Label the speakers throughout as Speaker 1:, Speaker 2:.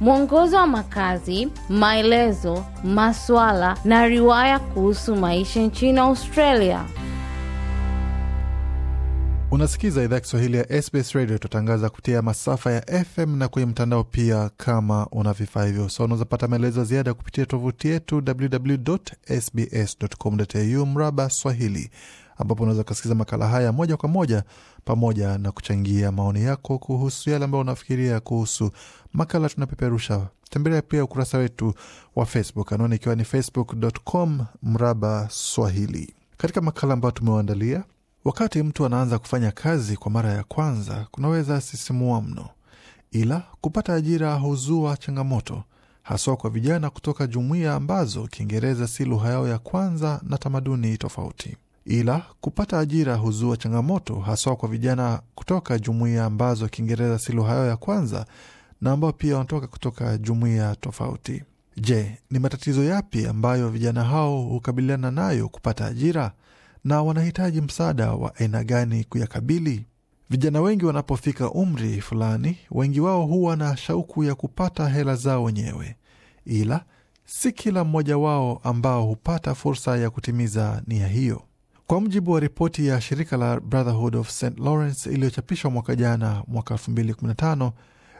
Speaker 1: mwongozo wa makazi, maelezo, maswala na riwaya kuhusu maisha nchini Australia. Unasikiza idhaa Kiswahili ya SBS Radio. itatangaza kupitia masafa ya FM na kwenye mtandao pia, kama una vifaa hivyo. So unawezapata maelezo ya ziada kupitia tovuti yetu www sbs.com.au mraba Swahili ambapo unaweza ukasikiza makala haya moja kwa moja pamoja na kuchangia maoni yako kuhusu yale ambayo unafikiria kuhusu makala tunapeperusha. Tembelea pia ukurasa wetu wa Facebook, anwani ikiwa ni facebook.com mraba Swahili. Katika makala ambayo tumewaandalia, wakati mtu anaanza kufanya kazi kwa mara ya kwanza kunaweza sisimua mno, ila kupata ajira huzua changamoto haswa kwa vijana kutoka jumuiya ambazo Kiingereza si lugha yao ya kwanza na tamaduni tofauti ila kupata ajira huzua changamoto haswa kwa vijana kutoka jumuiya ambazo Kiingereza si lugha yao ya kwanza na ambao pia wanatoka kutoka jumuiya tofauti. Je, ni matatizo yapi ambayo vijana hao hukabiliana nayo kupata ajira na wanahitaji msaada wa aina gani kuyakabili? Vijana wengi wanapofika umri fulani, wengi wao huwa na shauku ya kupata hela zao wenyewe, ila si kila mmoja wao ambao hupata fursa ya kutimiza nia hiyo. Kwa mujibu wa ripoti ya shirika la Brotherhood of St Lawrence iliyochapishwa mwaka jana, mwaka 2015,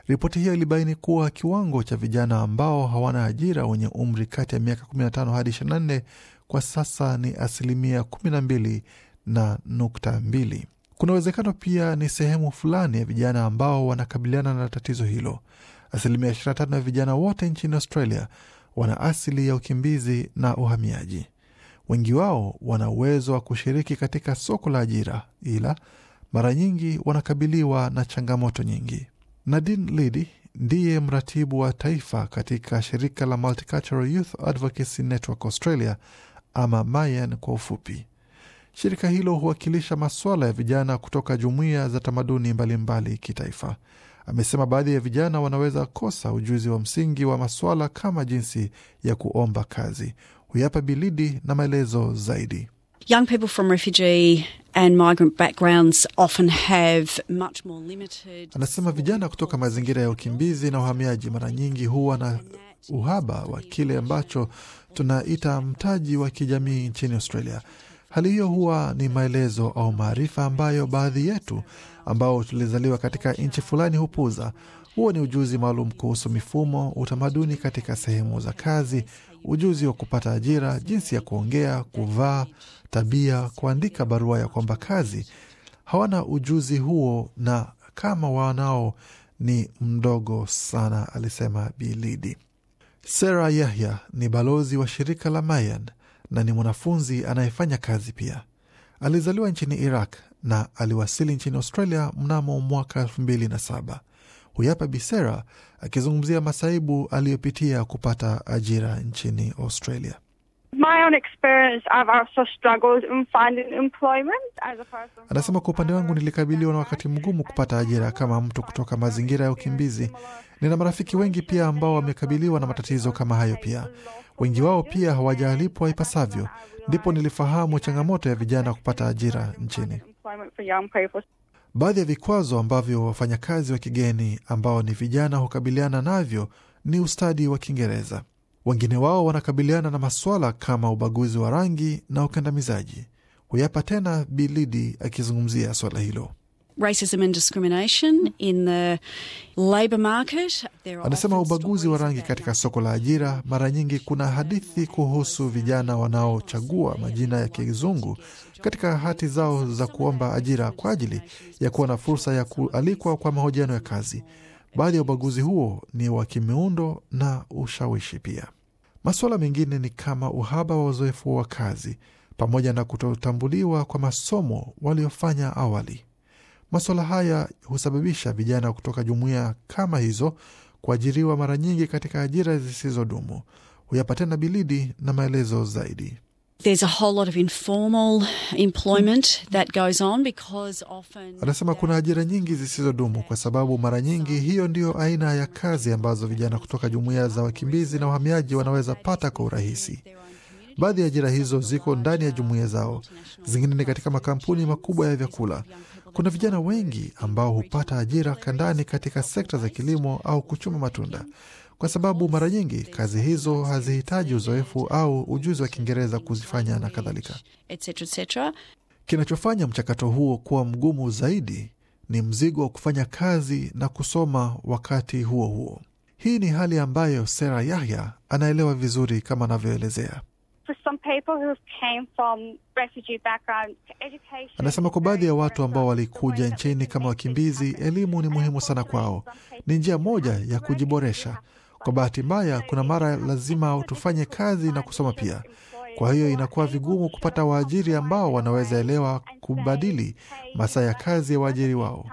Speaker 1: ripoti hiyo ilibaini kuwa kiwango cha vijana ambao hawana ajira wenye umri kati ya miaka 15 hadi 24 kwa sasa ni asilimia 12 na nukta 2. Kuna uwezekano pia ni sehemu fulani ya vijana ambao wanakabiliana na tatizo hilo. Asilimia 25 ya vijana wote nchini Australia wana asili ya ukimbizi na uhamiaji. Wengi wao wana uwezo wa kushiriki katika soko la ajira, ila mara nyingi wanakabiliwa na changamoto nyingi. nadin Lidi ndiye mratibu wa taifa katika shirika la Multicultural Youth Advocacy Network Australia, ama Mayan kwa ufupi. Shirika hilo huwakilisha masuala ya vijana kutoka jumuiya za tamaduni mbalimbali mbali kitaifa. Amesema baadhi ya vijana wanaweza kosa ujuzi wa msingi wa masuala kama jinsi ya kuomba kazi, huyapa Bilidi na maelezo zaidi.
Speaker 2: Young people from refugee and migrant backgrounds
Speaker 1: often have much
Speaker 2: more limited...
Speaker 1: Anasema vijana kutoka mazingira ya ukimbizi na uhamiaji mara nyingi huwa na uhaba wa kile ambacho tunaita mtaji wa kijamii nchini Australia. Hali hiyo huwa ni maelezo au maarifa ambayo baadhi yetu ambao tulizaliwa katika nchi fulani hupuza. Huo ni ujuzi maalum kuhusu mifumo, utamaduni katika sehemu za kazi ujuzi wa kupata ajira, jinsi ya kuongea, kuvaa, tabia, kuandika barua ya kwamba kazi. Hawana ujuzi huo, na kama wanao ni mdogo sana, alisema Bilidi. sara Yahya ni balozi wa shirika la Mayan na ni mwanafunzi anayefanya kazi pia. Alizaliwa nchini Iraq na aliwasili nchini Australia mnamo mwaka elfu mbili na saba. Huyapa Bisera akizungumzia masaibu aliyopitia kupata ajira nchini Australia. Anasema, kwa upande wangu nilikabiliwa na wakati mgumu kupata ajira kama mtu kutoka mazingira ya ukimbizi. Nina marafiki wengi pia ambao wamekabiliwa na matatizo kama hayo pia, wengi wao pia hawajalipwa ipasavyo. Ndipo nilifahamu changamoto ya vijana kupata ajira nchini. Baadhi ya vikwazo ambavyo wafanyakazi wa kigeni ambao ni vijana hukabiliana navyo ni ustadi wa Kiingereza. Wengine wao wanakabiliana na maswala kama ubaguzi wa rangi na ukandamizaji. Huyapa tena Bilidi akizungumzia swala hilo.
Speaker 2: Racism and discrimination in the labor market.
Speaker 1: Anasema ubaguzi wa rangi katika soko la ajira, mara nyingi kuna hadithi kuhusu vijana wanaochagua majina ya kizungu katika hati zao za kuomba ajira kwa ajili ya kuwa na fursa ya kualikwa kwa mahojiano ya kazi. Baadhi ya ubaguzi huo ni wa kimeundo na ushawishi pia. Masuala mengine ni kama uhaba wa uzoefu wa kazi pamoja na kutotambuliwa kwa masomo waliofanya awali. Masuala haya husababisha vijana kutoka jumuiya kama hizo kuajiriwa mara nyingi katika ajira zisizodumu. huyapatena Bilidi na maelezo zaidi. Anasema kuna ajira nyingi zisizodumu kwa sababu mara nyingi hiyo ndiyo aina ya kazi ambazo vijana kutoka jumuiya za wakimbizi na wahamiaji wanaweza pata kwa urahisi. Baadhi ya ajira hizo ziko ndani ya jumuiya zao, zingine ni katika makampuni makubwa ya vyakula. Kuna vijana wengi ambao hupata ajira kandani katika sekta za kilimo au kuchuma matunda kwa sababu mara nyingi kazi hizo hazihitaji uzoefu au ujuzi wa Kiingereza kuzifanya na kadhalika. Kinachofanya mchakato huo kuwa mgumu zaidi ni mzigo wa kufanya kazi na kusoma wakati huo huo. Hii ni hali ambayo Sera Yahya anaelewa vizuri kama anavyoelezea. Anasema kwa baadhi ya watu ambao walikuja nchini kama wakimbizi, elimu ni muhimu sana kwao. Ni njia moja ya kujiboresha. Kwa bahati mbaya, kuna mara lazima tufanye kazi na kusoma pia. Kwa hiyo inakuwa vigumu kupata waajiri ambao wanaweza elewa kubadili masaa ya kazi ya waajiri wao.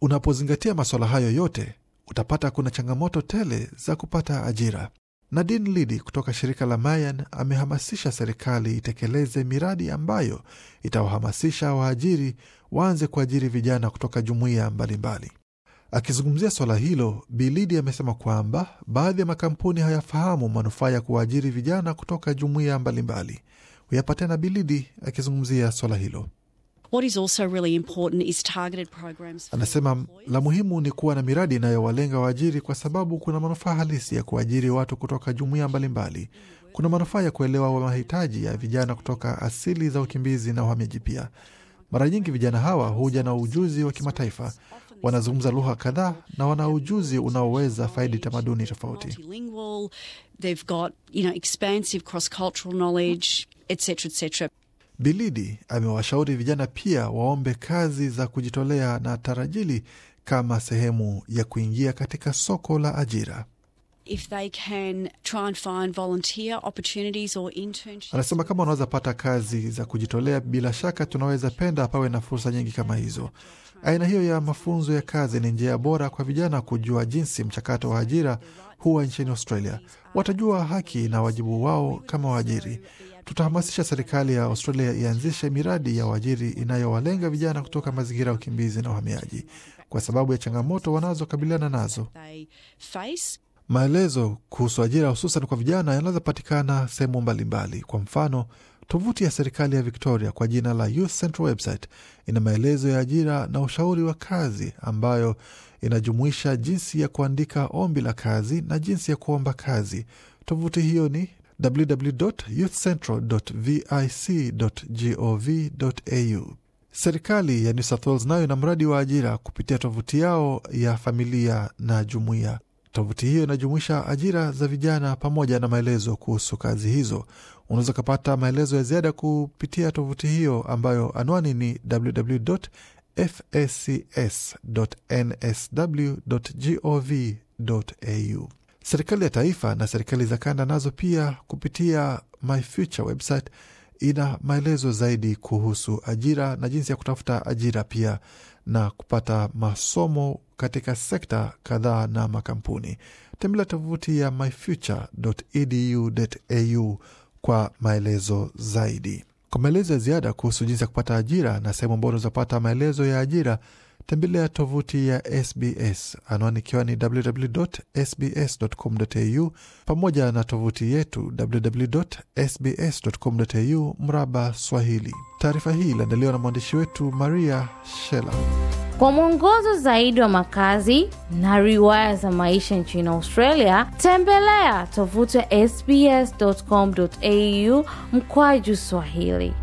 Speaker 1: Unapozingatia masuala hayo yote, utapata kuna changamoto tele za kupata ajira. Nadine Lidi kutoka shirika la Mayan amehamasisha serikali itekeleze miradi ambayo itawahamasisha waajiri waanze kuajiri vijana kutoka jumuiya mbalimbali. Akizungumzia swala hilo, Bilidi amesema kwamba baadhi ya makampuni hayafahamu manufaa ya kuwaajiri vijana kutoka jumuiya mbalimbali. Huyapatia na Bilidi akizungumzia swala hilo.
Speaker 2: What is also really important is targeted programs.
Speaker 1: Anasema la muhimu ni kuwa na miradi inayowalenga waajiri, kwa sababu kuna manufaa halisi ya kuajiri watu kutoka jumuiya mbalimbali. Kuna manufaa ya kuelewa mahitaji ya vijana kutoka asili za ukimbizi na uhamiaji. Pia mara nyingi vijana hawa huja na ujuzi wa kimataifa, wanazungumza lugha kadhaa na wana ujuzi unaoweza faidi tamaduni tofauti. Bilidi amewashauri vijana pia waombe kazi za kujitolea na tarajili kama sehemu ya kuingia katika soko la ajira. Anasema kama wanaweza pata kazi za kujitolea, bila shaka tunaweza penda pawe na fursa nyingi kama hizo. Aina hiyo ya mafunzo ya kazi ni njia bora kwa vijana kujua jinsi mchakato wa ajira huwa nchini Australia. Watajua haki na wajibu wao kama waajiri. Tutahamasisha serikali ya Australia ianzishe miradi ya waajiri inayowalenga vijana kutoka mazingira ya ukimbizi na uhamiaji, kwa sababu ya changamoto wanazokabiliana nazo. Maelezo kuhusu ajira hususan kwa vijana yanaweza sehemu mbalimbali, kwa mfano Tovuti ya serikali ya Victoria kwa jina la Youth Central website ina maelezo ya ajira na ushauri wa kazi ambayo inajumuisha jinsi ya kuandika ombi la kazi na jinsi ya kuomba kazi. Tovuti hiyo ni www.youthcentral.vic.gov.au. Serikali ya New South Wales nayo ina mradi wa ajira kupitia tovuti yao ya familia na jumuiya. Tovuti hiyo inajumuisha ajira za vijana pamoja na maelezo kuhusu kazi hizo. Unaweza ukapata maelezo ya ziada kupitia tovuti hiyo ambayo anwani ni www.fscs.nsw.gov.au. Serikali ya taifa na serikali za kanda nazo pia kupitia My website ina maelezo zaidi kuhusu ajira na jinsi ya kutafuta ajira pia na kupata masomo katika sekta kadhaa na makampuni. Tembelea tovuti ya myfuture.edu.au kwa maelezo zaidi. Kwa maelezo ya ziada kuhusu jinsi ya kupata ajira na sehemu ambao unaweza kupata maelezo ya ajira, Tembelea tovuti ya SBS anwani ikiwa ni www.sbs.com.au, pamoja na tovuti yetu www.sbs.com.au mraba Swahili. Taarifa hii iliandaliwa na mwandishi wetu Maria Shela. Kwa mwongozo zaidi wa makazi na riwaya za maisha nchini Australia, tembelea tovuti ya sbs.com.au mkwaju Swahili.